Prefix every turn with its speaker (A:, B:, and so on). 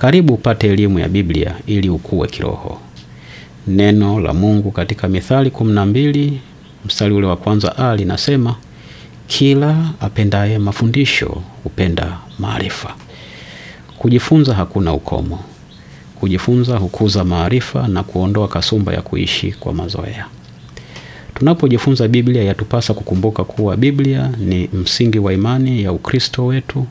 A: Karibu upate elimu ya Biblia ili ukue kiroho. Neno la Mungu katika Mithali kumi na mbili mstari ule wa kwanza a linasema, kila apendaye mafundisho hupenda maarifa. Kujifunza hakuna ukomo. Kujifunza hukuza maarifa na kuondoa kasumba ya kuishi kwa mazoea. Tunapojifunza Biblia, yatupasa kukumbuka kuwa Biblia ni msingi wa imani ya Ukristo wetu